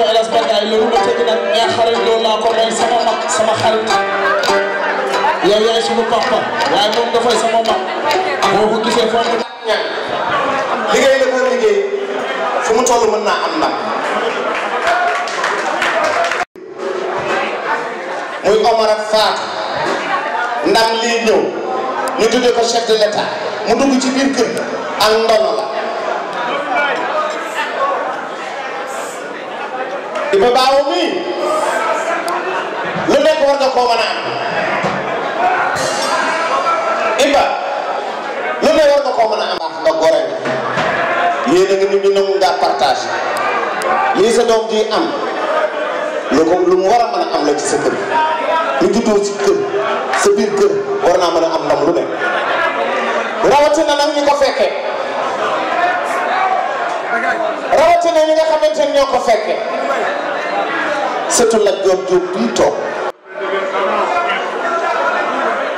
ko El Hadj Bargaay loolu la tëgg nag xarit loolu laa ko may sama mag sama xarit yow yaay sunu papa ko mu toll mën naa am ndam muy Omar ak Fatou lii ñëw ñu tuddee ko chef de l' état mu dugg ci biir kër ak ndono di ma baawu mii lu nekk war nga koo mën a am Iba lu ne war nga koo mën am baax nga gore bi yéen a nangu ngaa partage lii sa doom ji am lu ko lu mu war a mën a am la ci sa kër lu juddoo ci kër sa biir kër war naa mën a am ndam lu ne rawatina nag ñu ko fekkee rawatina ñi nga xamante ne ñoo ko fekke surtout la góor jóg bii toog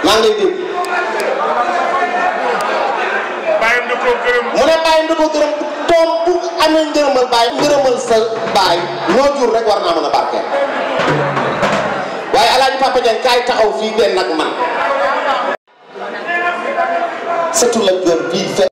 maa ngi lay dégg mu ne bàyyi ndu ko gërëm doom bu amee ngërëmal bàyyi ngërëmal sa baay moo jur rek war naa mën a barkeel waaye alaaji papa Diagne kaay taxaw fii benn ak man la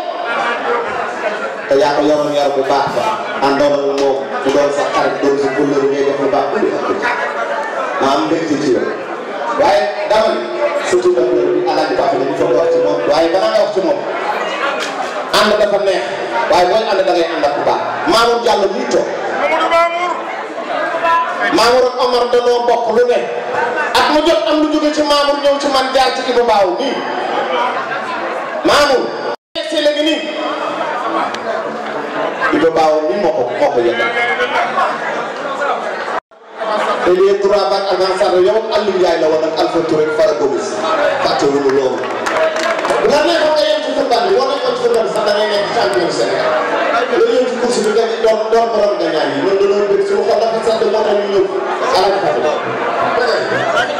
te yaa ko yor yor bu baax ba àndoon ak moom mu doon sa xarit doon sa kóllëre ngay def lu baax bu dee ma am mbégte ci yow waaye dama ni surtout dama bi alaaji baax la ñu fa wax ci moom waaye bala nga wax ci moom ànd dafa neex waaye booy ànd da ngay ànd ak bu baax Mamour Diallo muy toog Mamour ak Omar danoo bokk lu ne ak mu jot am lu jóge ci Mamour ñëw ci man jaar ci Ibou Baaw nii Mamour. Ibba Baaw moo ko moo ko yëngal. te les yow Aliou la woon Alpha Touré Fara Gomis fàttewu ma loolu. war nañ ko nga yem ci football bi war nañ ko ci football sax da ngay nekk champion du Sénégal. loolu yëpp ci course bi nga doon doon borom nga ñaan yi ñun dañoo bëgg suñu xol dafa sax moo tax ñu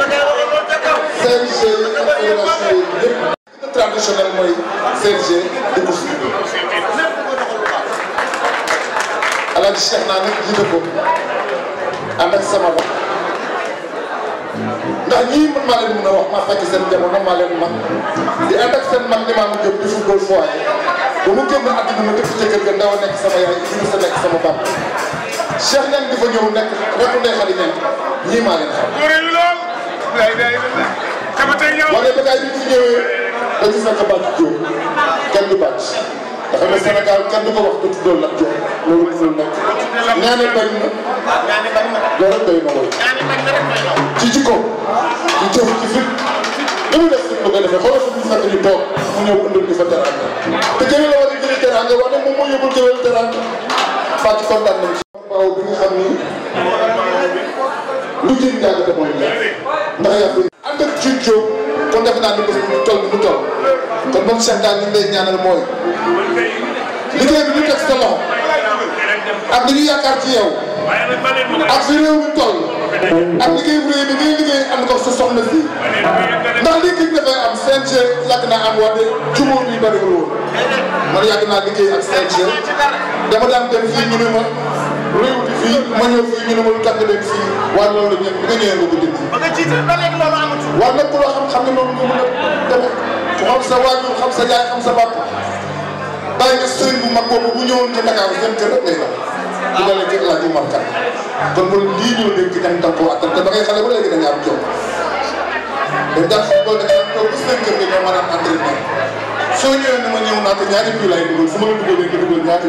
ñëw arrêté ko. CNG mooy alaaji Cheikh naa nag jiite ko ànd ak sama bopp ndax ñii ma maa leen mën a wax fekk seen jamono maa leen mag di ànd ak seen mag ni maa mu jëm di football foyer ba mu ma dëkk ca a nekk sama yaay jur sa nekk sama papa Cheikh ñan di fa ñëw nekk rek ndey xadi dafa ne Sénégal kenn du ko wax te tuddoo Lat Dior loolu mënul nekk nee na bari na loolu doy na lool ci jikko ci jëf ci fit li mu def suñu ko defee xoolal suñu fekk ñu toog mu ñëw indil ñu fa teranga te jëlee la war a jëlee teranga wax ne moom moo yóbbul jëlee teranga fàcc kontaan nañ ci. waaw bi nga xam ni lu jëriñ jàng te mooy ndax yaa ngi ànd ak Jules Diop kon def naa ne bés bu toll bu toll kon moom Cheikh daal li ñu ñaanal mooy liggéey bi ñu teg sa loxo ak li ñu yaakaar ci yow ak fi réew mi toll ak liggéey bu rëy bi ngay liggéey am ko sa soxna fii naa am wàllu jubóor yu bëri woon man yàgg naa liggéey ak CNG dama daan dem fii ñu ne ma. réew mi fii ma ñëw fii ñu ne ma lu tàgg leen fii waaye loolu ñëpp bu nga ñëwee nga ko jënd. ba nga jiite ba léegi loolu amatu. waaw lépp loo xam xam ne noonu nga mën a demee ku xam sa waajur xam sa yaay xam sa bàpp bàyyi nga sëriñ bu mag boobu bu ñëwoon ca Dakar seen kër rek day daw. waaw bu dalee kër laaj bu mag kat. kon loolu lii ñu nekk dañ daf koo attan te ba ngay xale ba léegi dañuy am jom. dañ daan xam loolu dañuy am toog ba seen kër gi nga mën a am entraînement soo ñëwee ne ma ñëw naa ko ñaari mbir laay dugal su ma la dugalee nga dugal ñaari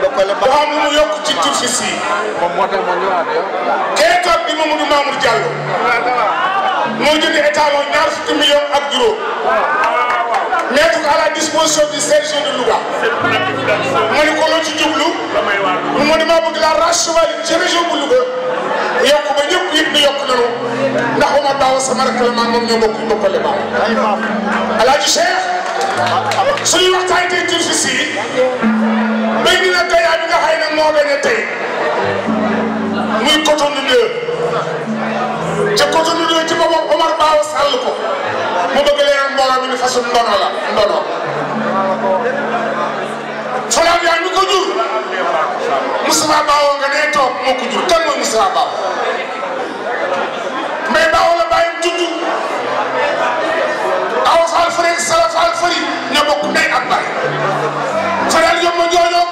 kon kon yokk ci tur si sii. moom moo tax ma ñëwaat yow. moo jënd état moom ñaar fukki million ak juróom. mettre à la disposition du CRG de Louga. ma ne ko loo ci jublu. mu ma damaa bëgg la racheter région bu Louga. yokk ba ñëpp yëpp yokk nañu. ndax Omar Bawa sama rakk la maam moom ñoo bokk bokkale maam Alaaji Cheikh suñuy waxtaan tey jël fi si béy bi nag gayaa bi nga xay nag moo gañe tey muy Cotonou 2 ca Cotonou 2 ci boppam Omar Bawa sàll ko mu bëgg leen mbooloo mi ni fasul ndono la ndono Falaam yaa ñu ko jur Moussa Bawa nga nee toog moo ko jur kan mooy Moussa Bawa mais daaw la bàyyam juddu aw faal fëri sala faal fëri ñoo bokk ndey ak baay fëral yomb joojo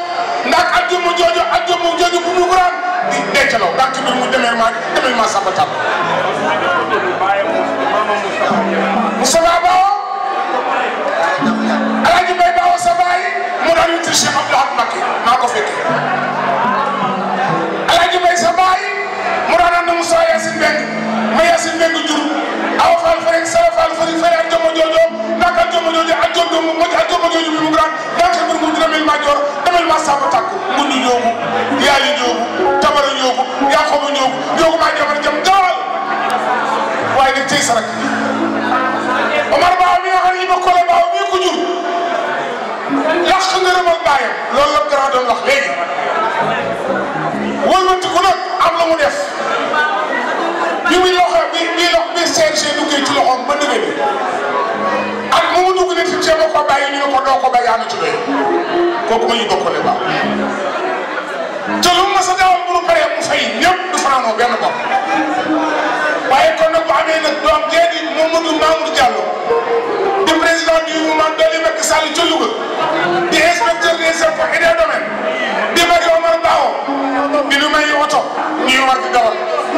ndax ak yomb joojo ak yomb joojo bu mu guraan di dencaloo ndax ci mu demee maa demee maa sàmm tàmm Moussa maa ko fekkee Alaaji Mbay sa baay mu daan ànd Moussa Yacine Mbengue ma Yacine Mbengue jur awa Fall Fari Sala Fall Fari Faye ak Joma Jojo naka ak Joma Jojo ak Jom Jom ak Joma Jojo bi mu grand daanaka bur mu dina mel maa joor damel maa sàmm tàkku ngundu ñoogu yaayu ñoogu tabara ñoogu yaaxobu ñoogu ñoogu maa jabar jam daal waaye nag tey sarak Omar Ba mi nga xam ne Iba Kole Ba mi ko jur yàq nga rëmal bàyyam loolu la grand doon wax léegi wëlbatiku nag am la mu def bi muy loxo bi bi loxo bi CNG duggee ci loxoom ba dëgg bi ak mu mu dugg ne ci ceeb ko bàyyi ñu ne ko doo ko ba yaa ci doy kooku ma ñu bokkale baax te lu mu mës a daawoon bu mu paree mu du fanaanoo benn bopp waaye kon nag bu amee nag doom jee di Mamadou Mamour Diallo di président du mouvement Dolli Macky Sall ca Louga di inspecteur des impôts et des domaines ñuy war di dawal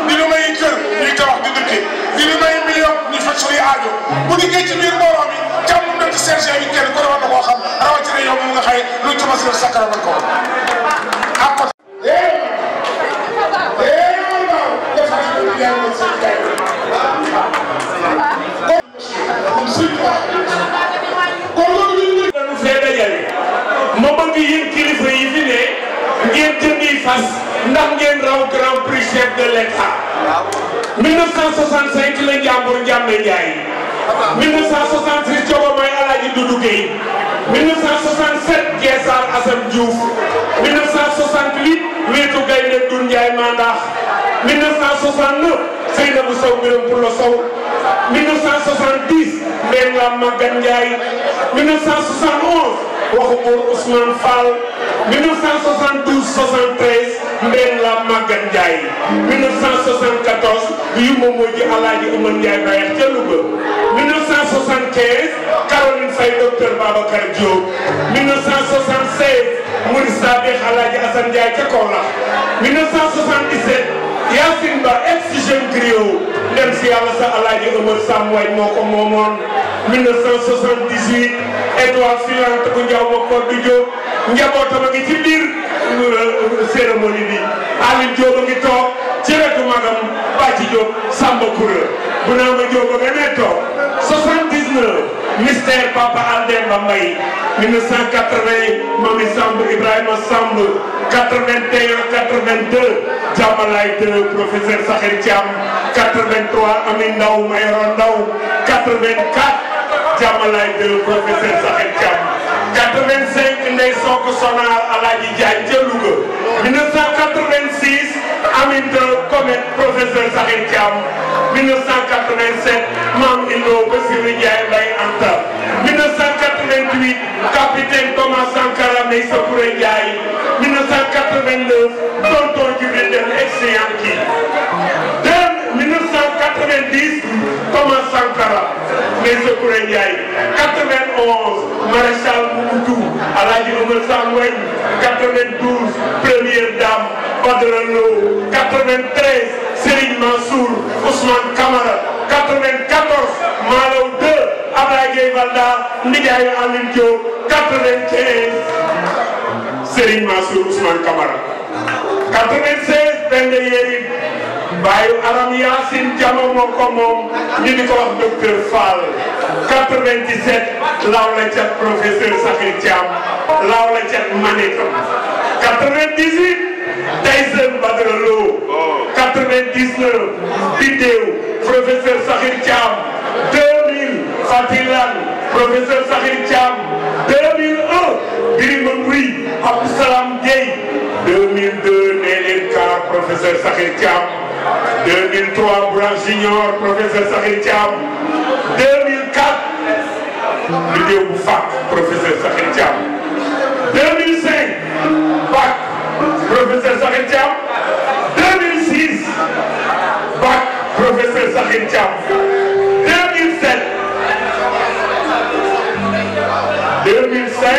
di lu may kër ñuy tabax di dëkk di lu may million ñu faj suñuy aajo bu dikkee ci biir mbooloo mi jàmm nañ ci sergent bi kenn ku ne war na koo xam rawatina yow mu nga xëy lu tumas la sakkara man ko ma bëgg yéen kilifa yi fi ne ngeen jëndi fas ndax ngeen raw grand prix chef de l'État 1965 la Njàmbur Njàmbe Njaay 1966 Coba May Alaaji Dudu Gueye 1967 Geesar Assam Diouf 1968 Wéetu Gaynde Dun Njaay Mandax 1969 Seynabou Sow Biram Pulo Sow 1970 Mbeen Lam Magan Njaay 1971 waxu buur Ousmane Fall 1972 73 Mbeen la Maguette Ndiaye 1974 yu moom moo ji Alaaji Oumar Ndiaye Bayax ca Louga 1975 Caroline Faye docteur Babacar Diop 1976 Mouride Sadikh Alaaji Assane Ndiaye ca Yacine Ba ex jeune griot dem si yàlla sa alaaji Omar Sam Waay moo ko moomoon 1978 étoile filante bu njaw ma Koddu Diop njabootam a ngi ci biir euh, cérémonie bi Aliou Diop a ngi toog ci wetu magam Bàcci Diop Samba Koura bu naa ma Diop a nga nee toog 19 mystère Papa Aldemba Mbaye 1980 Mami Samb Ibrahima Samb 81 82 Jamalay 2 professeur Sakhir Thiam 83 Amin Ndaw Mayoro Ndaw 84 Jamalay 2 professeur Sakhir Thiam 85 Ndeye Sokh Sonar Alaaji Diagne ca Louga 1986 Aminto comme professeur Zahir 1987 Mam Illo Monsieur Ndiaye Mbaye Anta 1988 capitaine Thomas Sankara Meïssa Ndiaye 1989 tonton Djibril 1990 Thomas Sankara Meïssa Ndiaye 91 maréchal Moukoutou. Alaaji Oumar Sangoy 92 première dame Badara Lo 93 Serigne Mansour Ousmane Camara 94 Malaw 2 Abdoulaye Gueye Balda Ndiaye Amin Diop 95 Serigne Bayu aram Yacine Diama moko mom ñu di ko wax docteur Fall 97 law la ci professeur sakir Thiam law la ci Manétam 98 Tyson Badara 99 Bidéew professeur Sakhir Thiam 2000 Fatilan professeur Sakhir Thiam 2001 Birima Mbuy Abdou Salam Gueye 2002 nee ka professeur Sakhir Thiam 2003 Bourag Junior professeur 2004 liggéey bu fac professeur Sakhir 2005 bac professeur Sakhir 2006 bac professeur Sakhir 2007 2005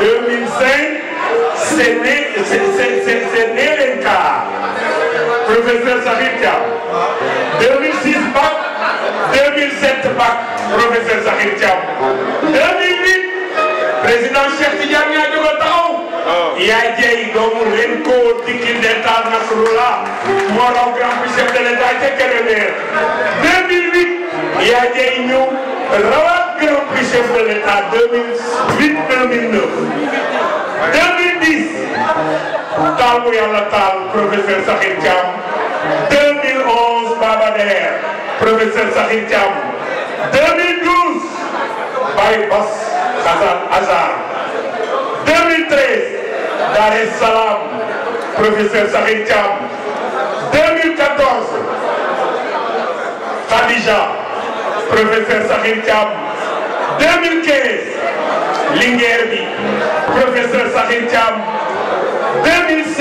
2005 Seneca, professor Zahirka. 2006 bac, 2007 bac, professor Zahir Thiam. 2008 Presidente Cheikh Tidiane yaa jóg a taxaw. yaa jëy doomu ren d'état Nasrullah moo raw grand bi chef de l'état ca Kébémer. 2008 yaa jëy ñëw rawaat grand bi chef de l'état 2008 2009. 2010 taamu yàlla taal professeur Sakhir Thiam 2011 Babader professeur Sakhir Thiam 2012 Baye Bass Azar 2013 Dar es Salaam professeur 2014 Khadija professeur Sakhir Thiam 2015 Linguère bi professeur Sakhir Thiam 2016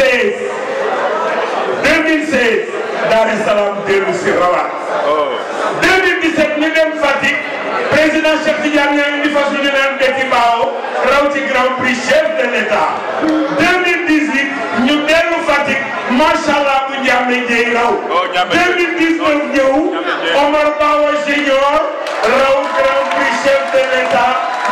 2016 Dar es Salaam dellu si rawaat. 2017 ñu dem Fatick président Cheikh Tidiane ñaa ngi fas ñu naan Betty Bao raw ci grand prix chef de l'État 2018 ñu dellu Fatick macha allah bu Ndiame Ndiaye raw. 2019 ñëw Omar Bawa Junior raw grand prix chef de l'État.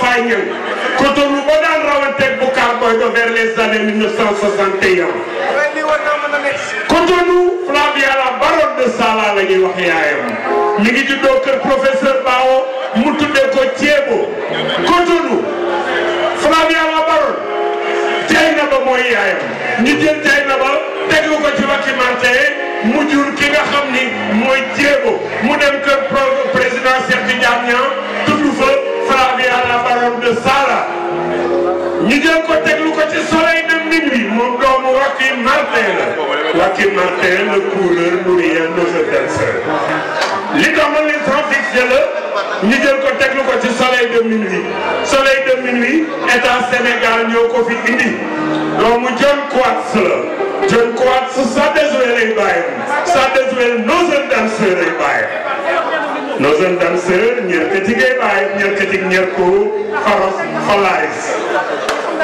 fay ñëw Cotonou ba daan rawanteeg bu Boy ba vers les années 1961. Cotonou Flavia la baronne de Sala la ñuy wax yaayam mi ngi juddoo kër professeur Bao mu tuddee ko Thiebo Cotonou Flavia la baronne Dieynaba mooy yaayam ñu jël Dieynaba teg ko ci wàcci marché mu jur ki nga xam ni mooy jéego mu dem kër président Cheikh Tidiane Niang yaram de Sara ñu ko teglu ko ci soleil de moom doomu Rocky Martin la Rocky Martin la couleur nourrière de ce berceau li ko mën ni sans fixe la ñu jël ko teglu ko ci soleil de minuit soleil de minuit état Sénégal ñoo ko fi indi doomu John Quartz la John sa désolé lay sa désolé nos danseurs lay bàyyi Nos jeunes danseurs, ñerketik e baay ñerketik ñerku faros falaris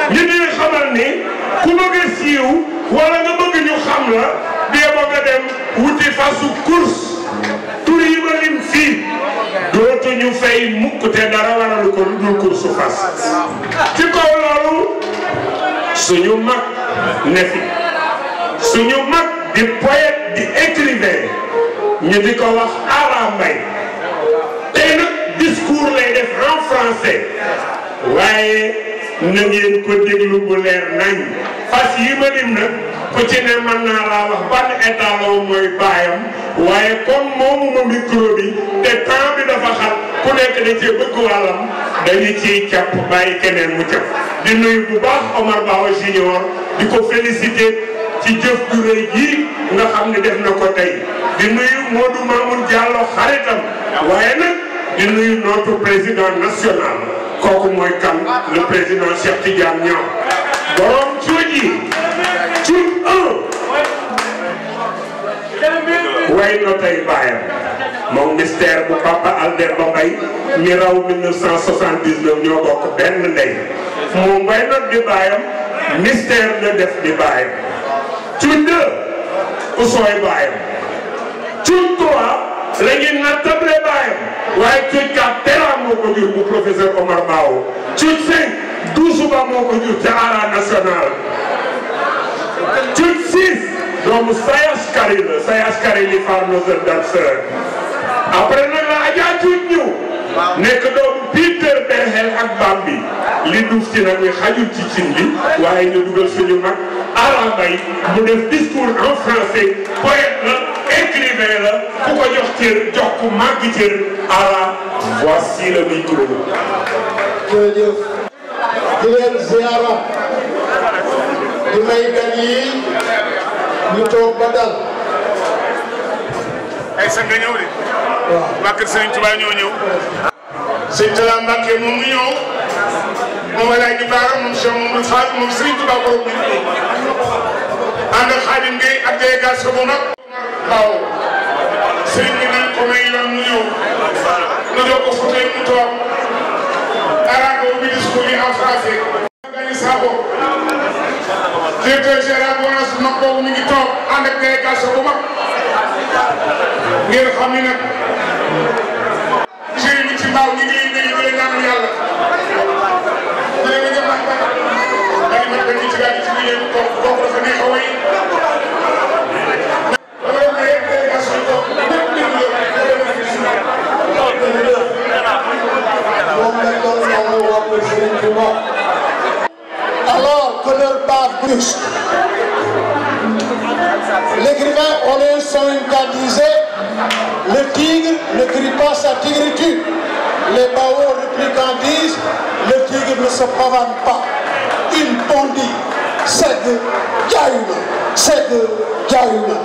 ñu di xamal ni ku bëgg a siiw nga bëgg ñu xam la dee ba nga dem wuti fasu course tur yi ma lim fii dootu ñu fay mukk te dara waralu ko lu dul course fas ci kaw loolu suñu mag ne fi suñu mag di poète di écrivain ñu di ko wax Ara Mbaye tey nag discours lay def en français waaye na ngeen ko déglu bu leer nañ fas yi ma lim nag ku ci ne mën naa laa wax ban état mooy baayam waaye comme moomu ma micro bi te temps bi dafa xat ku nekk da cee bëgg wàllam dañu ciy capp bàyyi keneen mu capp di nuyu bu baax Omar Bawa Junior di ko féliciter ci jëf ju rëy jii nga xam ne def na ko tey di nuyu Modou Mamoun Diallo xaritam waaye nag di nuyu notre président national kooku mooy kan le président Cheikh Tidiane Niang borom cuuj yi cuuj un way na tey bàyyam moom mystère bu Papa Albert Ba Mbaye mi raw 1979 ñoo bokk benn ndey moom way na di bàyyam mystère la def di bàyyam cuuj deux usooy bàyyam cuuj trois Lengi na table baye waaye cuuj ka tera moo ko jur Omar Bao cuuj cinq douze ba moo ko jur ca ara national cuuj six doomu Sayas Kari la après nag la Adja cuuj ñëw nekk doomu Peter Berhel ak Bambi li duuf ci nag ci cin li waaye ñu dugal suñu mag ara mbay def discours en français poète may la ku ko jox cër jox ku màgg cër ala voici le micro. jërëjëf di leen ziara di may gan yi ñu toog ba dal. ay sa nga ñëw de. waaw waa kër Serigne Touba ñoo ñëw. sëñ Talla Mbacke moom ngi ñëw moom El Hadj Baara moom Cheikh Mamadou Fall moom Serigne Touba borom bi ànd ak Xaadim Gueye ak délégation bu mag. waaw. sëñ bi nañ ko may yoon mu ñëw na jox ko fa tey mu toog arabe bi discours yi en français. Gagny Sakho directeur général bu ONAS bu mag boobu mi ngi toog ànd ak délégation bu mag ngeen xam ni nag. ci mbaaw ñu ngi L'écrivain Olé Soinka disait Le tigre ne crie pas sa tigritude. Les baos répliquants disent Le tigre ne se pavane pas. Il bondit. C'est de Gaïma C'est de Gaïna.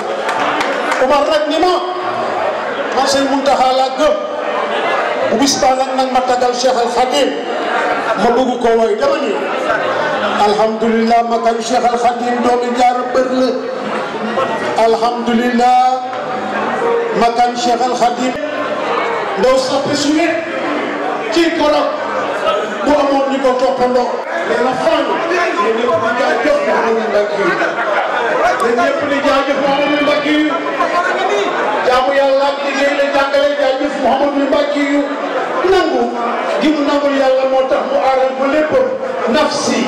Omar Ragnima, Masel Muntaha la gëm. Ubis Cheikh Al Khadim. ma bëgg ko dama ni alhamdulillah ma kañ Cheikh Al Khadim doomi jaara bër alhamdulillah ma kañ Cheikh Al Khadim ndaw ci korok bu amoon ñu ko toppandoo mais la fang ñun ñëpp di jaajëf Mouhamadou Mbacke ñun ñëpp di jaajëf Mouhamadou Mbacke jaamu yàlla ak liggéey la jàngale jaajëf Mouhamadou nangu gi mu nangul yàlla moo tax mu aaral ko lépp nafsi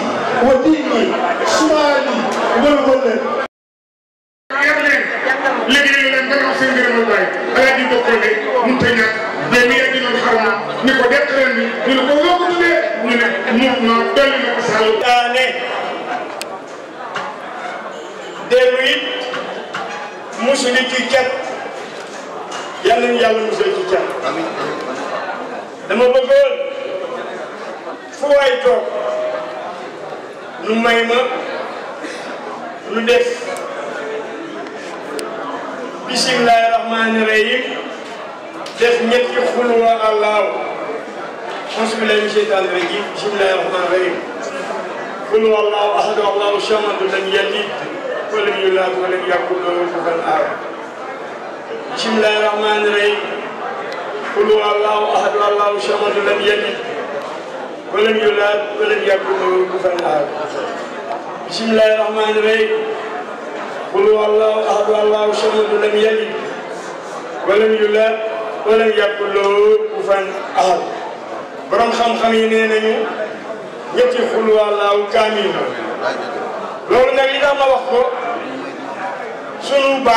wa diini sumaali wal wala yar leen liggéey leen ba am seen ngërëmal bàyyi alaa di mi yegg noonu xaw ni ko dekk ren ñu ne ko loo ko tuddee ne mouvement dolli na ko sàll daane dellu it musu nit ci cat yàlla ñu yàlla musal dama bëggoon fu waay toog ñu may ma lu def bisimilahi rahmaani rahim def ñetti allahu auzu billahi min sheytaani rajim bisimilahi rahmaani allahu samad lam yalid wa lam yulad wa قل هو الله احد الله الصمد لم يلد ولم يولد ولم يكن له كفوا احد بسم الله الرحمن الرحيم قل هو الله احد الله الصمد لم يلد ولم يولد ولم يكن له كفوا احد borom xam-xam yi nee nañu ñetti xul wàllaaw kaamil loolu nag li tax ma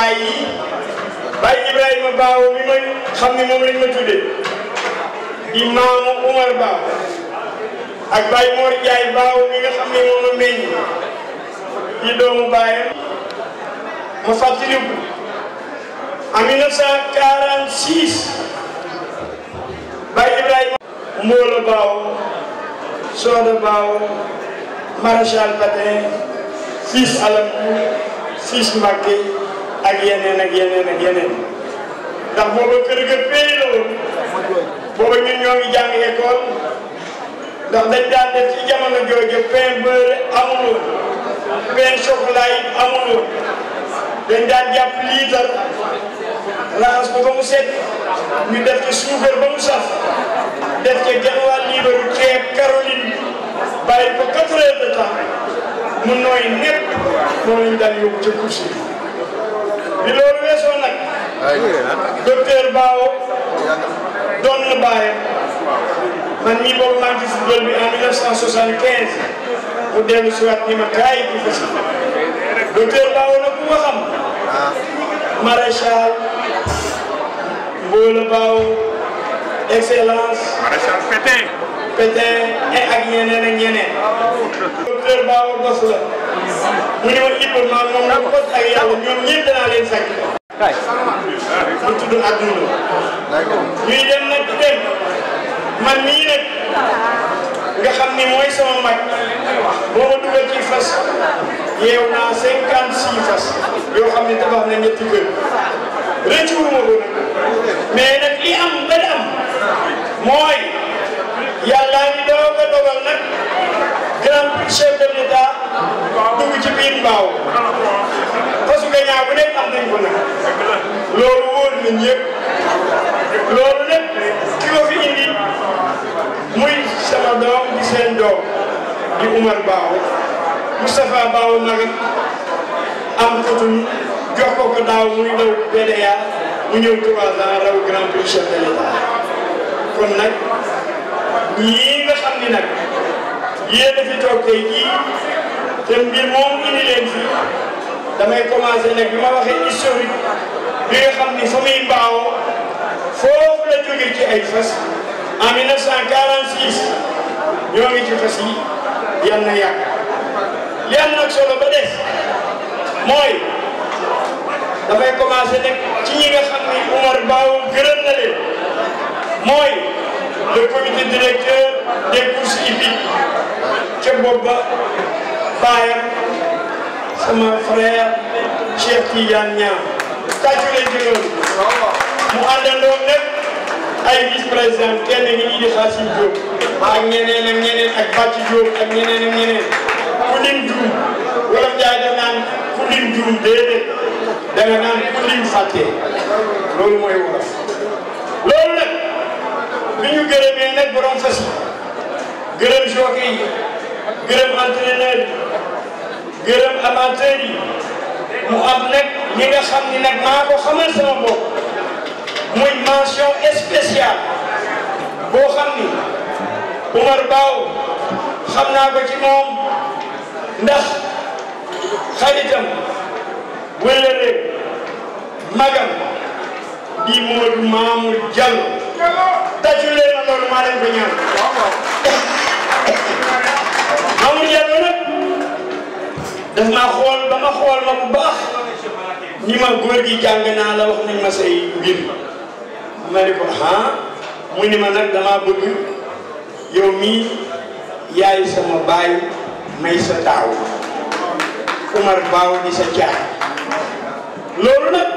Baye Ibrahima Baaw mi ma xam ne moom ma tuddee di Umar Baaw ak Baye Mor Ndiaye Baaw mi nga xam ne moom la meññ di doomu baayam ma fàttaliku en 1946 Baye Ibrahima Mboola Baaw Sooda Baaw maréchal Patin Ciss Alamou Ciss Mbacké ak yeneen ak yeneen ak moo ndax booba kër ga péye la woon ñun ñoo ngi jàng école ndax dañ def ci jamono jooju pain beurre amul woon pain chocolat yi amul woon dañ daan jàpp liitar ko mu set ñu def ci suukar ba mu saf def ci genwaal liibaru ceeb Caroline bàyyi ko quatre heures de temps mu nooy népp moom lañ daan yóbbu ca course bi loolu weesoo nag. docteur Bao doon na bàyyam man ñi boobu maa ngi ci football bi en mu dellu si waat ni ma taay bi Bao nag ku nga xam. Ah. maréchal Mboola Bao excellence. maréchal Pétain. Pétain ak ñeneen ak ñeneen. Ah, docteur Bao bos la. mu ne ma moom na ko ak yàlla ñoom ñëpp danaa leen fekk. mu tudd àdduna. ñuy dem nag di dem man mii nag nga xam ni mooy sama mag boo ma dugal ci fas yeew naa cinquante six fas yoo xam ne tabax na ñetti kër rëccu wu ma ko nag li am ba am mooy yàlla ñu doog a dogal nag. grand prix chef de dugg ci biir mbaaw fasu gañaa bu nekk am nañ ko nag loolu wóor na ñëpp loolu lépp ki ko fi indi muy sama doom di seen doom di Umar Baaw Moustapha Baaw magam am tutum jox ko ko daaw muy daw PDA mu ñëw trois ans raw grand prix chef de kon nag ñii nga xam ni nag yéen a fi toog tey jii te mbir moom indi leen fi damay commencé nag bi ma waxee historique bi nga xam ni fa muy mbaawoo foofu la jógee ci ay fas en 1946 ñoo ngi ci fas yi yal na yàgg li am nag solo ba des mooy damay commencé nag ci ñi nga xam ni Umar Mbaaw gërëm na leen mooy. le comité directeur des courses hippiques ca booba baayam sama frère Cheikh Tidiane Niang tàccu leen ci loolu mu àndandoo lépp ay vice président kenn ngi ñuy di Xaasim Diop ak ñeneen ak ñeneen ak Bàcci Diop ak ñeneen ak ñeneen ku lim juum wala jaay da naan ku lim juum déedéet mooy wax bi ñu gërëmee nag borom fas gërëm jockey yi gërëm entraîneur gërëm amateur yi mu am nag ñi nga ni nag maa ko xamal sama bopp muy mention spéciale boo xam ni Umar Baaw xam naa ko ci moom ndax xaritam wëllëre magam bii mooy Mamour Diallo tàccu leen loolu maa leen ko ñaan Mamour Diallo nag daf maa xool ba xool ma bu baax ñi ma góor gi jàng naa la wax nañ ma say mbir ma ne ko mu ni ma nag damaa bëgg yow mii yaay sama baay may sa taaw Umar Baaw di sa caay loolu nag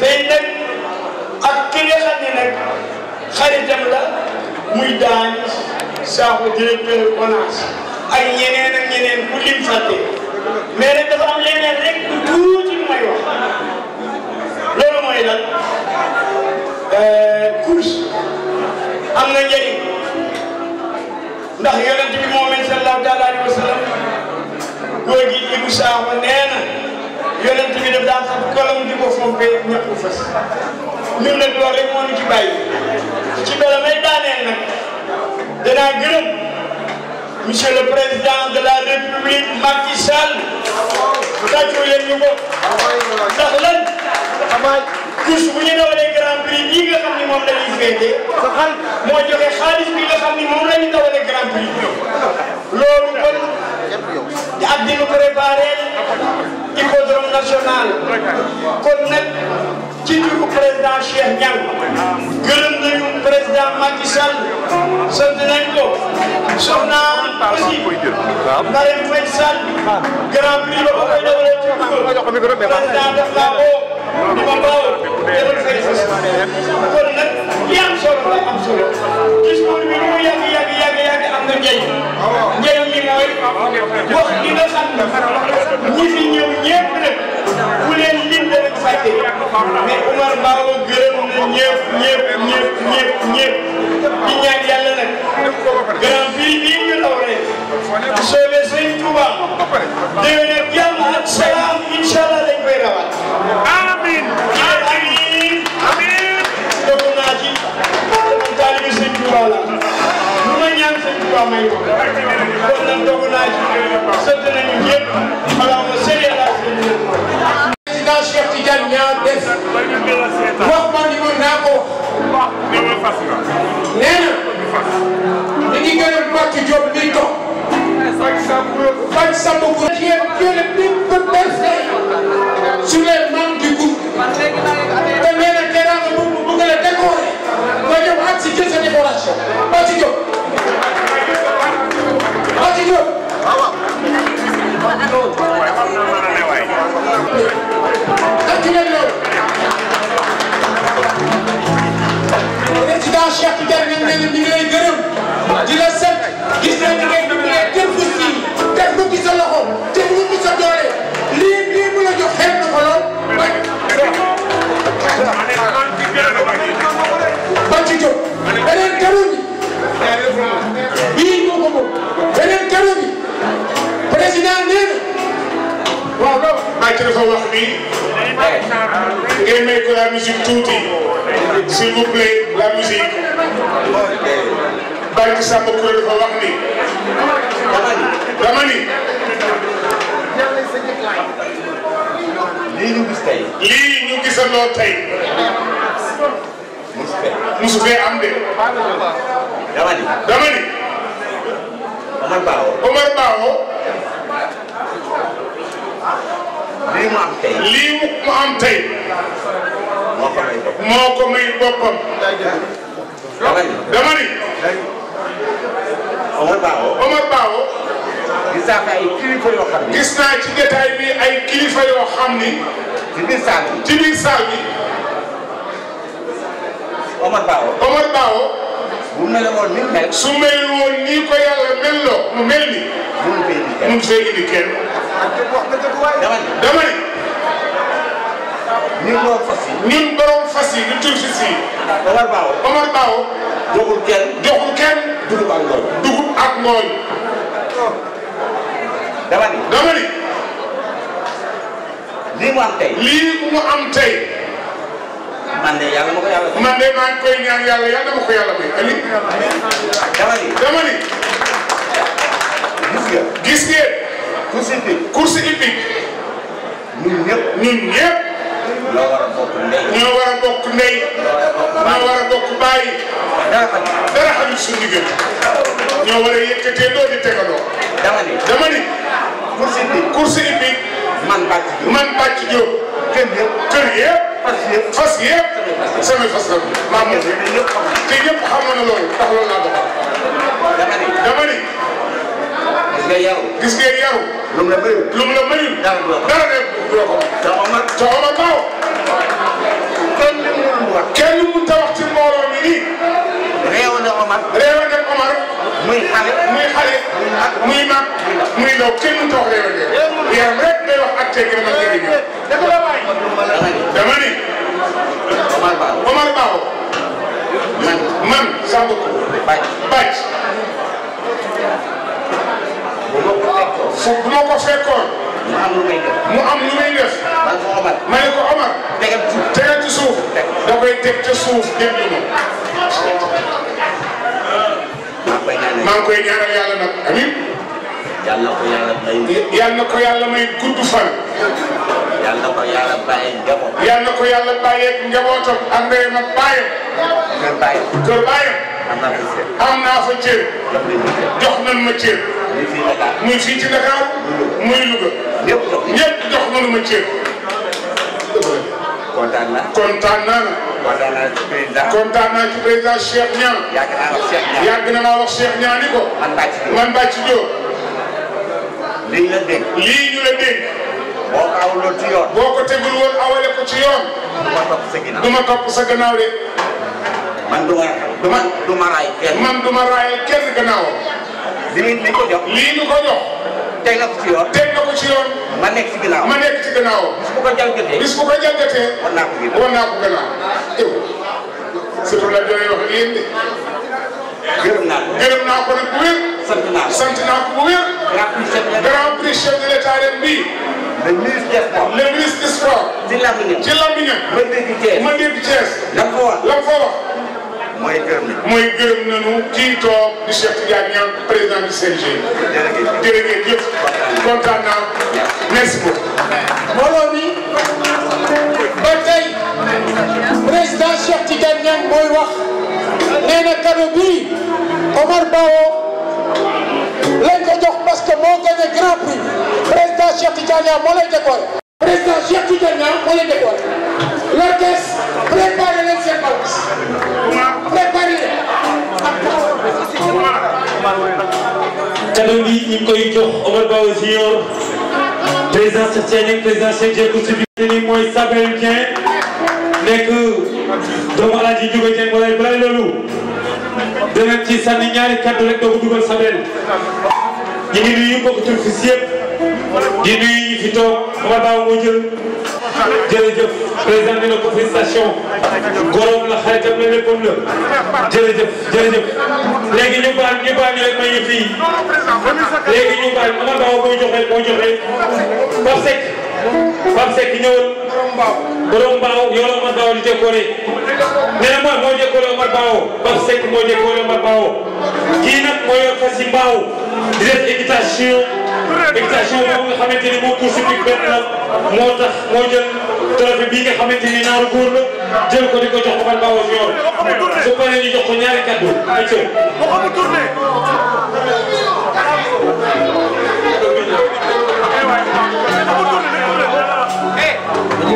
tey nag ak ki nga xam ne nag xaritam la muy daan saako directeur ONAS ak ñeneen ak ñeneen ku lim fàtte mais nag dafa rek tuuti may wax loolu mooy lan euh, course am na njëriñ ndax yonent bi moom sallallahu alayhi wa sallam góor gi Ibou Sakho nee yonent bi daf daan xam kalam di ko fompee ñëpp fës ñun nag loolu rek moo ñu ci bàyyi ci bala may daaneel nag danaa gërëm. monsieur le président de la république Macky Sall tàccu leen ñu ko ndax lan kus bu ñu dawalee grand prix bii nga xam ni moom la ñuy féete moo joxe xaalis bi nga xam ni moom la ñu dawalee grand prix loolu kon ak di ñu préparé hippodrome national kon nag ci ñu président Cheikh Niang gërëm nañu président Macky Sall sant nañ ko soxna aussi Marème Faye Sall grand prix ba ko koy defalee ci Louga président def naa ko di ma baaw jëlal fay kon nag li am solo la am solo discours bi lu mu yàgg yàgg yàgg yàgg am na njëriñ njëriñ li mooy wax gi nga xam ñi fi ñëw ñëpp nag bu leen lim Fatick ne Umar Mbawo gërëm na ñëpp ñëpp ñëpp ñëpp ñëpp di ñaan yàlla nag grand prix bii ñu daw rek soobee Sëriñ Tuuba déwén ak jàmm ak salaam incha allah dañ ñaa des. wax ma ni ma naa ko. nee na. ñu ngi gërëm Mbacke Diop mi toog. Fatou Samba Kourou. ci yéen yéen a ngi sur les membres du groupe. te nee na teraanga boobu mu ngi la décoré. nga ñëw àgg si jël sa décoration. Mbacke Diop. Mbacke Diop. président soxla Aïcha dafa wax ni ngeen may ko la musique tuuti s'il vous plaît la musique Barke Samba Kouré dafa wax ni dama ni lii ñu gis tey lii ñu gisandoo tey musu fee am de dama ni dama ni Omar Bawo Omar Bawo lii mu am tey. moo ko may boppam. moo ko may boppam. Omar Bawo. Omar Bawo. gis naa fi ay yoo xam ni. gis naa ci détail bi ay kilifa yoo xam ni. ci biir saal bi. ci biir saal bi. Omar Bawo. Omar Bawo. bu meloon ni mel. su mel woon nii ko yàlla mel loo mu mel ni. mu ngi fay indi kenn. dama ni. ñun borom fas yi. ñun borom fas yi ñun tur si si. Omar Bawo. Omar Bawo. joxul kenn. joxul kenn. dugub ak ngooñ. dugub ak ngooñ. dama ni. dama ni. lii mu am tey. lii mu am tey. man de yàlla ma ko yàlla. man de maa ngi koy ñaan yàlla yàlla ma ko yàlla may. Aliou. dama ni. dama ni. gis ngeen. gis ngeen. course hippique course hippique ñun ñëpp ñun ñëpp. ñoo war a bokk ndey. ñoo war a bokk ndey. ñoo war a bokk baay. dara xamul suñu diggante. ñoo war a yëkkatee doo di tegaloo. dama ni dama ni. course hippique course hippique. man bàcc Diop man bàcc Diop. kër yëpp kër yëpp. fas yëpp fas yëpp. sama fas la maa moom te ñëpp xamoon na loolu tax loolu laa doxal. dama ni dama ni. nga yaru gis ngeen yaru lu mu la mayul lu mu la mayul dara du la ko dara du la ko te Omar te Omar Ndao kon li mu doon wax kenn mënut a wax ci mbooloo mi nii réew na Omar réew na Omar muy xale muy xale muy mag muy ndaw kenn mënut a wax réew na yaram rek day wax ak tey gën a mën dama ni Omar Ba Omar Ba man man sa bopp bàcc bàcc boo ko fekkoon. fu boo ko fekkoon. mu am lu may def. mu am lu may def. man ko Omar. may ko Omar. tegal ci suuf tegal ci suuf. da koy teg ca suuf déglu ma. maa ngi koy ñaanal yàlla nag amiin. yal na ko yàlla may. yal na ko yàlla may gudd yal na ko yal na ko yàlla bàyyeeg njabootam ak ndeyam ak baayam. kër baayam. kër am naa fa cër. am naa fa cër. jox ma cër. muy fii ci ma cër. kontaan naa. kontaan naa la. kontaan naa ci président. kontaan naa ci président Cheikh Niang. yàgg naa wax Cheikh Niang. yàgg naa wax Cheikh ni ko. man bàcc Diop. lii la dégg. lii ñu la dégg. boo ko awuloon ci yoon. boo ko tegul woon awale ko ci yoon. du ma topp sa ginnaaw du ma topp sa gannaaw de. man du ma du ma du ma raay kenn. man du ma raay kenn gannaaw. lii ñu ko jox. lii ñu ko jox. teg na ko ci yoon. teg na ko ci yoon. ma nekk ci gannaaw ma nekk ci gannaaw. bis bu ko jalgatee. bis bu ko jalgatee. war naa ko gannaaw war naa ko gannaaw. surtout la jooy wax ak yéen de. gërëm naa ko gërëm naa ko nag bu wér. sant naa ko sant naa ko bu wér. grand prix chef de l'état ren bii. le ministre des sports le ministre des sports. ci lamiñam ci lamiñam. ma dégg Thiès ma dégg Thiès. la ko wax la ko wax. mooy gërëm nañu. mooy gërëm nañu kii toog di Cheikh Tidiane Niang président du CNG. jërëjëf jërëjëf kontaan naa merci beaucoup. mbooloo mi. président Cheikh Tidiane Niang mooy wax nee na kado bii Omar Bawo lañ ko jox parce que moo gagné grand prix président Cheikh Tidiane Niang moo lay décoré. président Cheikh Tidiane Niang moo lay décoré l'orchestre préparé leen seen balance préparé leen ak kado bi ñu ngi koy jox Omar Bawo Junior président Cheikh Tidiane Niang président Cheikh Tidiane Niang mooy Sabel Dieng nekk. doomu alaaji a jeng wala bala loolu danañ ci sànni ñaari kaddu rek doo ko dugal sa benn ñu ngi nuyu mbokk tur fi si yëpp di nuyu ñi fi toog Omar Ba moo jël jërëjëf président dina ko félicitation gorom la xaritam la léppam la jërëjëf jërëjëf léegi ñu baal ñu baal ñu rek ma ñu fii léegi ñu baal Omar Ba moo joxe moo joxe Pape Seck Pape Seck ñëwal borom a borom mbaaw yoolo Omar Bawo di jëkkoole nee na mooy moo jëkkoole Omar Bawo Bab Seck moo jëkkoole Omar Bawo kii nag moo yor fas yi mbaaw di def équitation équitation boobu nga xamante ni moo course hippique benn la moo tax moo jël trophée bii nga xamante ni naaru góor la jël ko di ko jox Omar Bawo a yoon su paree ñu jox ko ñaari kaddu ak tourné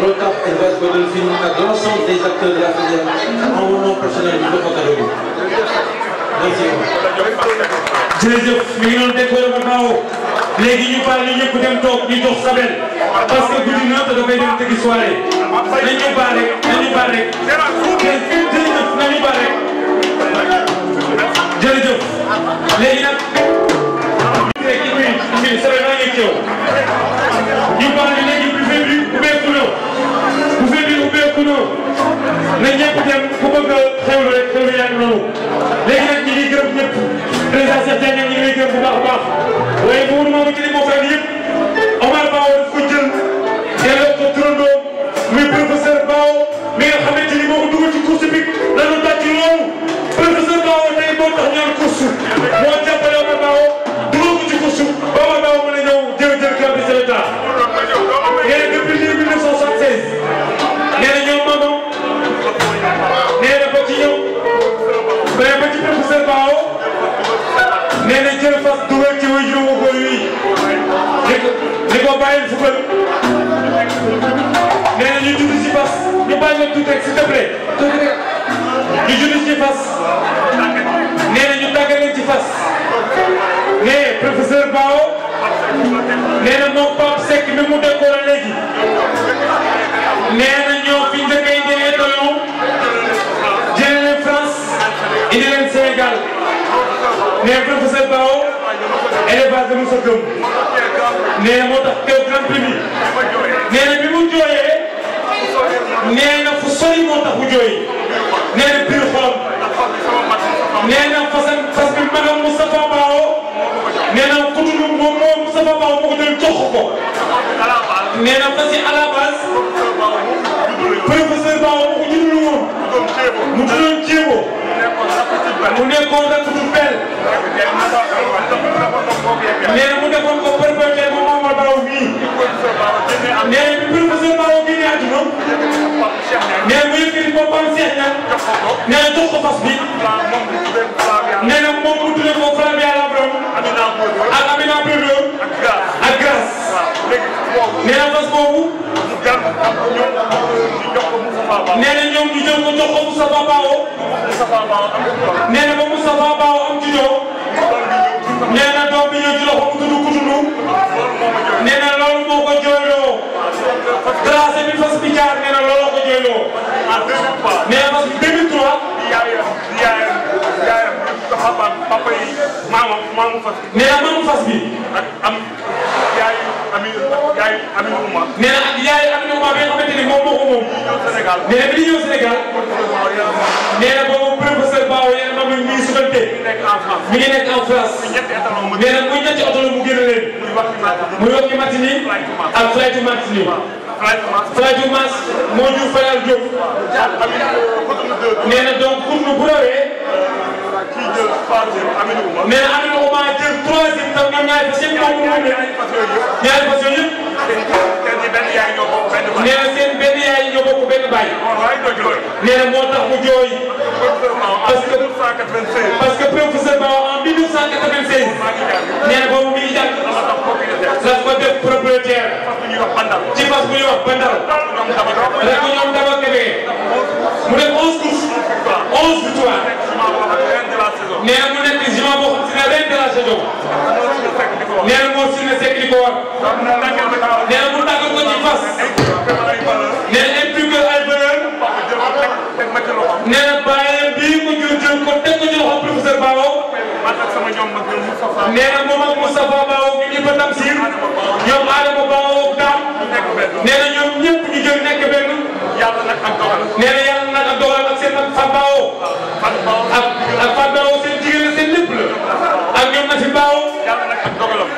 retard et baisse Godolphin à l'ensemble des acteurs de la filière en mon nom personnel du Bokk Karaoke. merci beaucoup. jërëjëf mi ngi doon déggoo ba Maodo léegi ñu baal ñu ñëpp dem toog ñu jox Sabel parce que guddi na te dafay dem tegi soirée nañ ñu baal rek nañ ñu baal rek jërëjëf nañ ñu baal rek jërëjëf léegi nag. na ñëpp dem ku bëgg a xewlu rek xewlu yaa ngi noonu léegi nag ñu ngi gërëm ñëpp président Cheikh Diagne ñu ngi gërëm bu baax a baax waaye bu wóor moom ci li mu fay yëpp Omar Ba woon ko jël delloo ko turandoo muy professeur Bao mi nga xamante ni moo ko dugal ci course bi nanu daj loolu professeur Bao tey moo tax ñaan course moo jàppale jël fas dugal que way juróom góor yi di ko di ko bàyyil fugal nee na ñu julli ci fas ñu tudo ma é tuuti rek s'il te plaît ñu julli ci fas nee né, na né, ñu tàggat leen ci fas nee né, professeur Bao nee na moom Pape Seck mi mu décoré léegi nee na de quem njëkk a indi leen doyoo jëlee leen France indi leen Sénégal nee professeur ele vai sa gëm nee nem moo tax teew campé bi nee nem a mu nem é na fu sori moo tax mu jooyee nee na biir xolam nee na fasan fas bi magam Moustapha Baawo nem a ko jël jox ko nee na parce que à la base professeur Ba moo ko jëndul woon mu tuddoon Jéego mu nekkoon rek du fel nee na mu defoon ko perpétuel moom Omar Ba mii nee na bi professeur Ba moo génnee àdduna nee na mu yëkkati boppam Cheikh Niang nee na jox ko fas bi nee na moom mu tuddee ko Flavia Labron ak Amina Bledo nee na fas boobu. nee na ñoom ñu jël ko jox ko Moustapha Baawo. nee na ba Moustapha Baawo am ci ñoom. nee na doom bi ñëw ci loxo mu tudd Kutulu. nee na loolu moo ko jooyloo. tracé bi fas bi jaar nee na looloo ko jooyloo. nee na fas bi papa papa yi maama maamu fas bi. nee na maamu fas bi. ak am yaayu ami yaayu ami uma. nee na ak yaayu ami uma bi nga xamante ni moom moo ko moom. ñëw Sénégal nee na bi ñu ñëw Sénégal. nee na boobu professeur Ba yéen a ngi mi ngi sukante. mi ngi nekk en France. mi ngi nekk en France. nee na muy ñetti oto la mu génne leen. muy wax ci Matinee. ak Flight Matinee. Flight Matinee moo ñu faral jóg. nee na donc pour ñu bu mais Amina Ouma jël troisième tam ñoom ñaari fas yéen ñoo ko ñaari fas yooyu yëpp. nee na seen benn yaay ñoo bokk benn baay. nee na moo tax mu jooy. parce que parce que professeur Ba en 1996. nee na boobu mi ngi jàng. la ko def propriétaire. ci fas bu ñuy wax bandal. la ko ñoom dama kebe. mu def 11 courses 11 victoires. nee na mu nekk juin boo xam si ne ren de la saison. nee na moo suñu sekk li ko war. nee na mu tàggat ko ci fas. nee na impliqué ay valeur. nekk benn. nee na yàlla nag ak dogal ak seen ak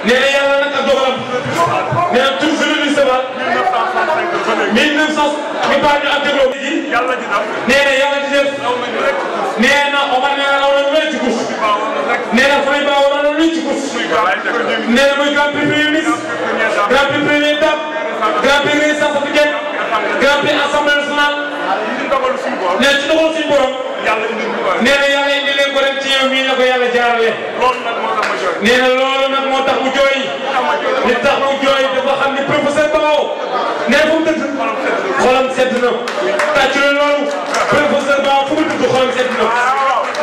nee na yàlla nag ak dogalam nee na mi baa ñu ak dégloo bi ji nee na yàlla di def nee na Omar nee na aw na lu ci guf nee na Faye Ba aw na lu ci guf nee na muy grand prix premier ministre grand goreem ci yow mii la ko yàlla jaarale. loolu nag moo tax mu jooy. nee na loolu nag moo tax mu jooy. li tax mu jooy dafa xam ni professeur Bako nee na fu mu dëkk. xolam sedd na. tàcc na loolu. professeur Bako fu mu dëkk xolam sedd na.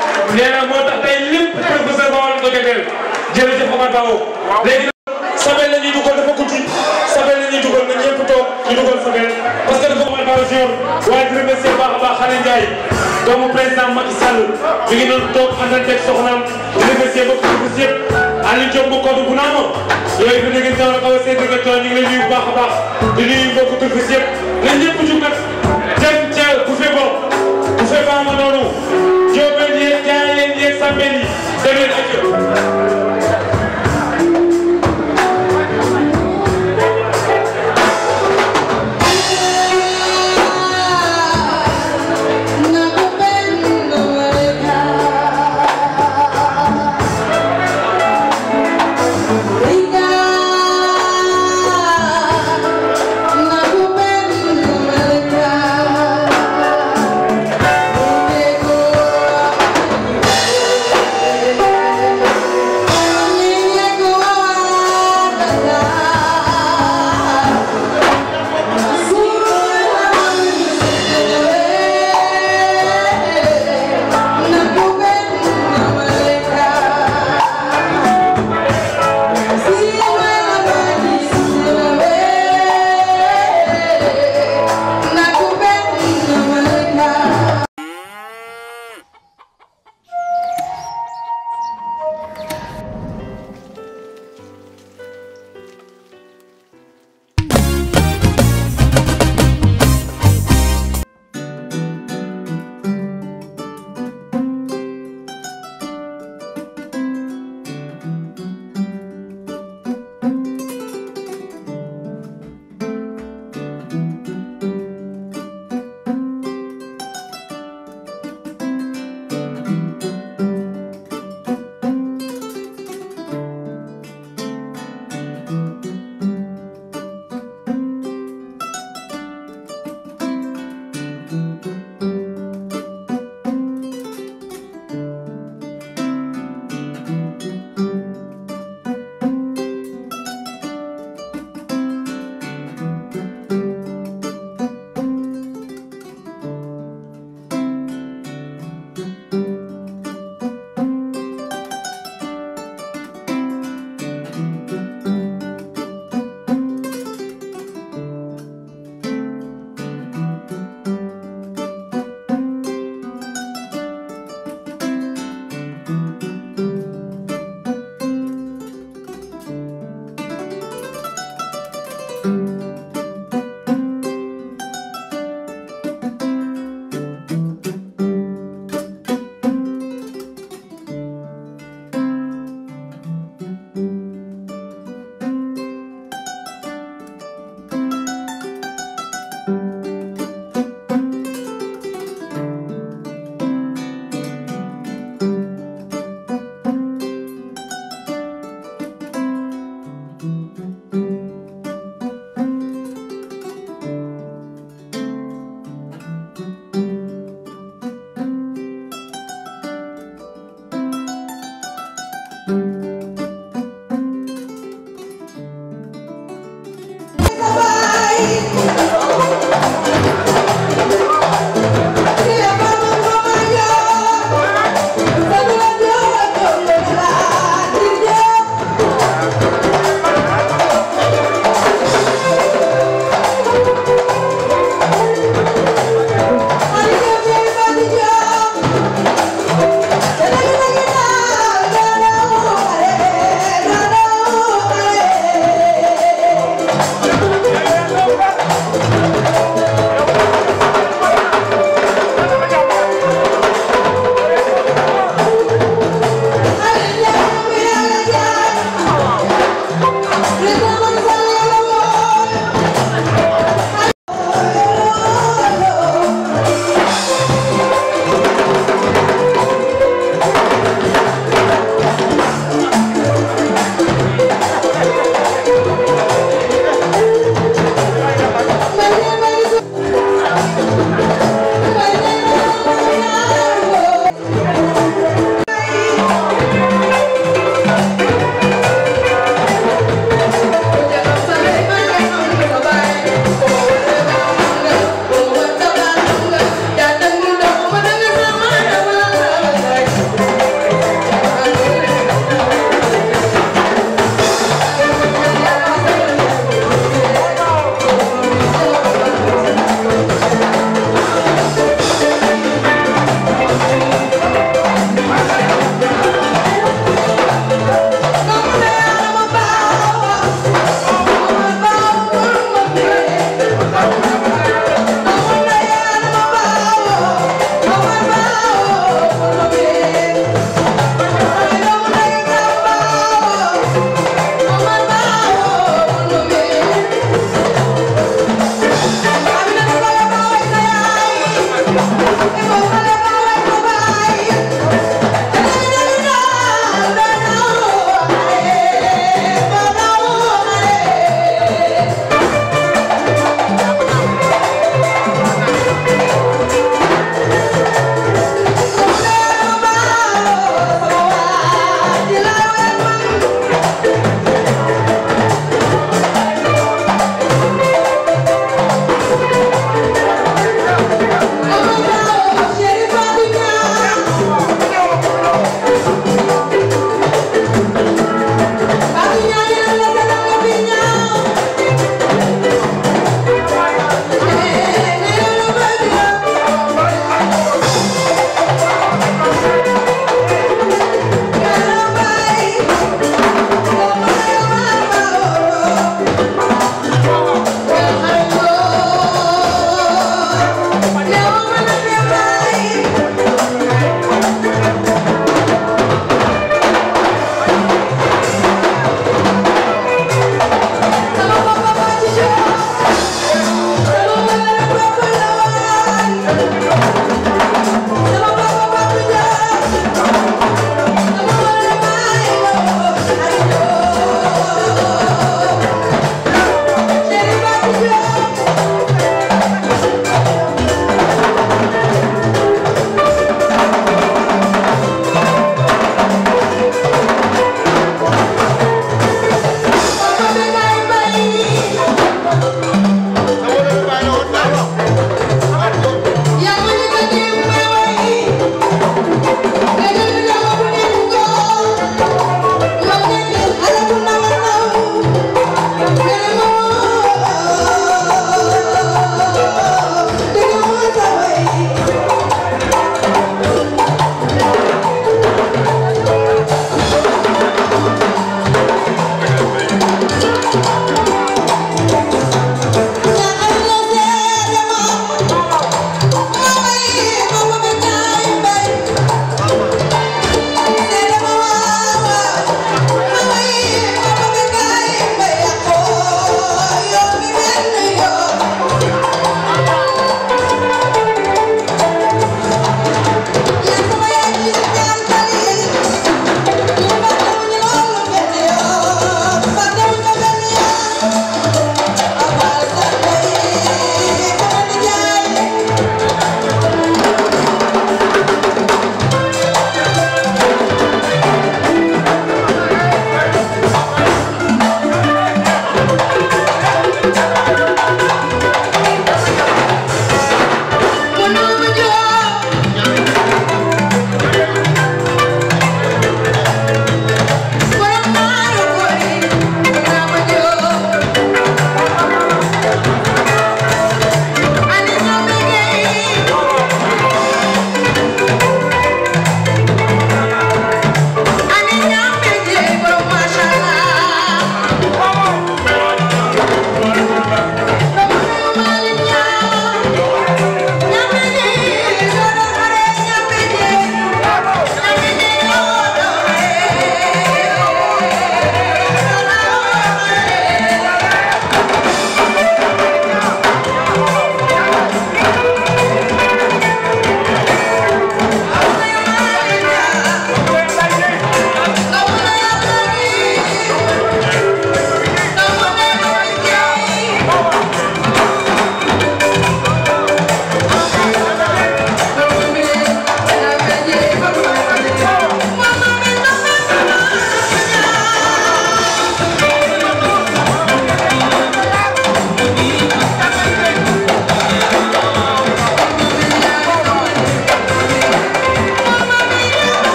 Ah, nee na moo tax tey lépp professeur Bako la ko gëneel. jërëjëf Omar Bako. léegi nag sabel la ñuy dugal dafa guddi sabel la ñuy dugal na ñëpp toog ñu dugal sabel parce que mesure waaye di remercier baax a baax Xale Ndiaye doomu président Macky Sall mi ngi doon toog àndanteeg soxnaam di remercier ba Koungheul bu Kodou bu Naama yooyu fi nekk Ndao Awa Seydou Ndiaye ñu ngi lay baax a baax di nuyu mbokku turquie yëpp nañ ñëpp jug nag jëm ca bu fekkoo bu fekkoo ma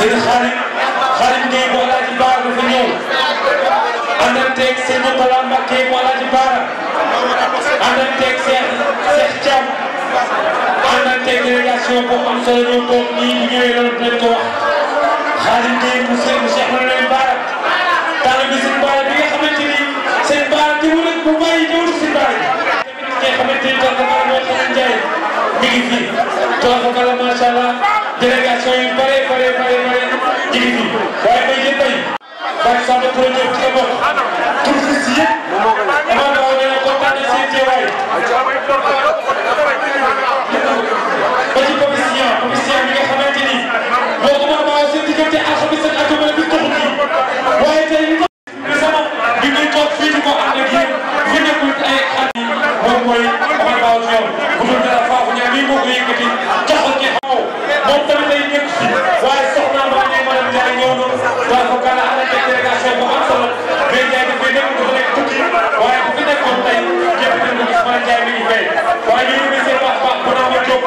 sëñ Xaalim Xaalim Gueye bu Alaaji Baara dafa ñëw àndanteeg sëñ Mawla Mbacke bu Alaaji Baara àndanteeg Cheikh Cheikh Thiam àndanteeg délégation boo xam solo ñoom boog nii bu ñëwee loolu dinañ ko wax Xaalim Gueye bu sëñ Cheikh Mawla Baara taalibe sëñ Baara bi nga xamante ni sëñ Baara ñëwul ak bu bàyyi ñëwul sëñ Baara tamit ki nga xamante ni dafa mara mooy Xaalim Ndiaye mi ngi fi toog fa macha allah délégation yu bare bare bare ngi nii waaye tey jii tey Baye Samba projet bi ci la bokk tur bi si yëpp maa ngi wax ne kontaan na seen teewaay ba ci commission commission bi nga xamante ni moo ko mën a waaw seen diggante alxames ak ajuma bi toxu nii waaye tey li sama ñu ngi toog fii di ko ànd ak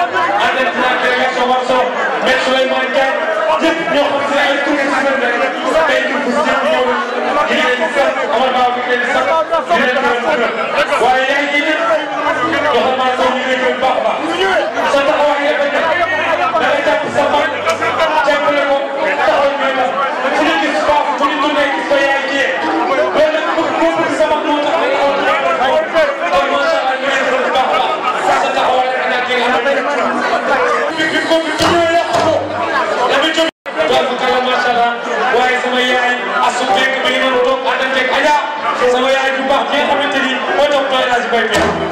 avec la délégation Warsaw mais Souleymane Diagne ñëpp ñoo xam si ay tournée si seen benn tey ñu ngi leen di sant Omar Ba mi ngi leen di sant di leen gërëm waaye yaa ngi nit doxamaa saw ñu ngi leen baax a baax sa taxawaay yëpp a nekk da nga jàpp sa mag jàppale ko taxaw ñu la su ñu gis baax bu ñu tuddee gis ko yaa sama yaay bu baax bi nga xamante ni moo tax Baye El Hadj Mbaye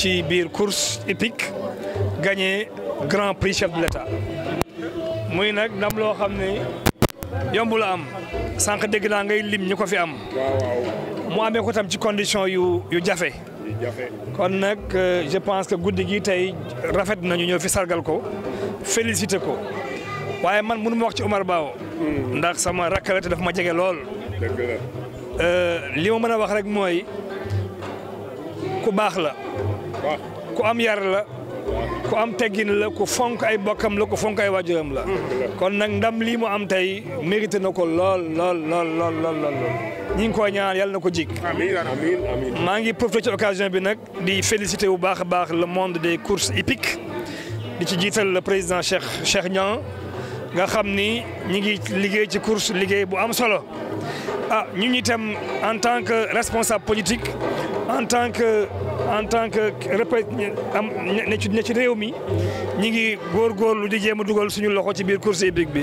ci biir course épique gagné grand prix chef de l'État muy nak ndam lo xamné ne la am sank deug naa ngay lim ñu fi am. mo amé ko tam ci condition yu yu jafé kon nak euh, je pense que goudi gi tay rafet nañu ñëw fi sargal ko félicité ko waye man mënu wax ci Omar Bao. Hmm. ndax sama rakk la te daf ma jege lool. euh li mo mëna wax rek moy ku baax la ku am yar la ku am teggin la ku fonk ay bokkam la ku fonk ay waajuram la kon nak ndam li mu am tay mérité nako lol lol lol lol lol lool ñi ngi koy ñaan yàlla na jik amiin ngi ci occasion bi nak di féliciter bu baax baax le monde des courses hippiques di ci jital le président Cheikh Cheikh ñan nga xamni ñi ngi liggéey ci course liggéey bu am solo ah ñu ñi itam en tant que responsable politique en tant que en tant que repre am ne ci réew mi ñu ngi góorgóorlu di jéem a dugal suñu loxo ci biir course hippique bi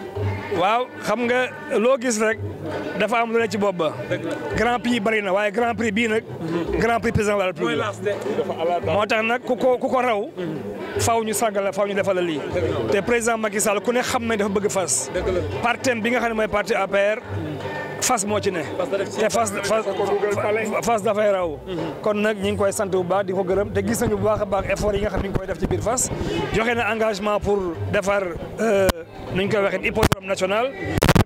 waaw xam nga loo gis rek dafa am lu ne ci bopp ba grand prix bari na waaye grand prix bii nag grand prix président de la République moo tax nag ku ko ku ko raw faw ñu sàggala faw ñu defal la lii te président Macky Sall ku ne xam nañ dafa bëgg fas partem bi nga xam ne mooy parti APR fas moo ci ne te fas fas dafay raw kon nag ñi ngi koy sant bu baax di ko gërëm te gis nañu bu baax a baax effort yi nga xam ni ngi koy def ci biir fas joxe na engagement pour defar euh, nuñ koy waxee hippodrome national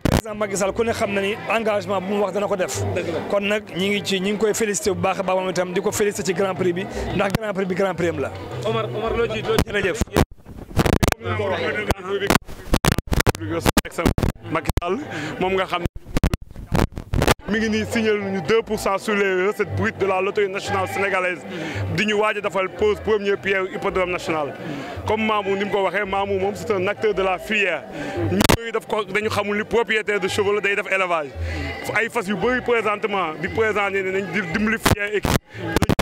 président Macky Sall ku ne xam na ni engagement bu mu wax dana ko def kon nag ñi ngi ci ñi ngi koy félicité bu baax a baax itam di ko félicité ci grand prix bi ndax grand prix bi grand prix am la Omar nga xam mi ngi signé 2 sur les recettes brutes de la loterie nationale sénégalaise Nous avons waaj a dafal pose première pierre hippodrome national comme Mamou ni ko Mamou c'est un acteur de la filière ñu bëri daf ko dañu xamul ni propriétaire de chevaux la day def élevage ay fas yu bëri présentement di présenté ne nañ di dimbali filière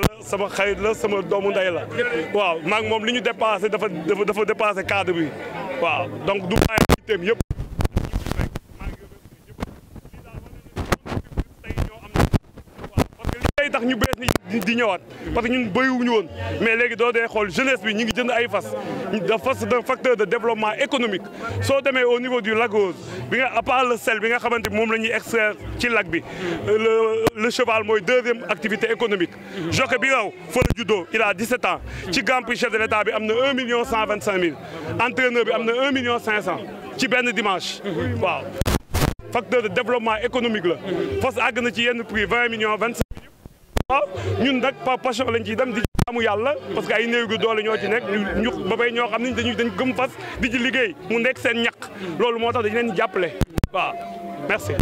la sama xarit la sama doomu ndey la waaw maa ngi moom li ñu dépassé dafa dafa dafa dépassé cadre bi waaw donc du bàyyi itam yëpp tax ñu bees ni di ñëwaat parce que ñun béyuñu woon mais léegi doo dee xool jeunesse bi ñu ngi jënd ay fas da fas d'un facteur de développement économique soo demee au niveau du lagos, bi nga à part le sel bi nga xamante moom la ñuy ci lac bi le le cheval mooy deuxième activité économique jockey bi raw fa la juddoo il a 17 ans ci Grand Prix chef de l'État bi am 1 million 125 mille entraîneur bi am 1 million 500 ci benn dimanche waaw facteur de développement économique la fas na ci yenn prix 20 millions 25 ñun nag par passion lañ ciy dem di amu yàlla parce que ay néew gi doole ñoo ci nekk ñu ba ñoo xam ne dañu dañ gëm fas di ci liggéey mu nekk seen ñaq loolu moo tax dañu leen jàppale waaw merci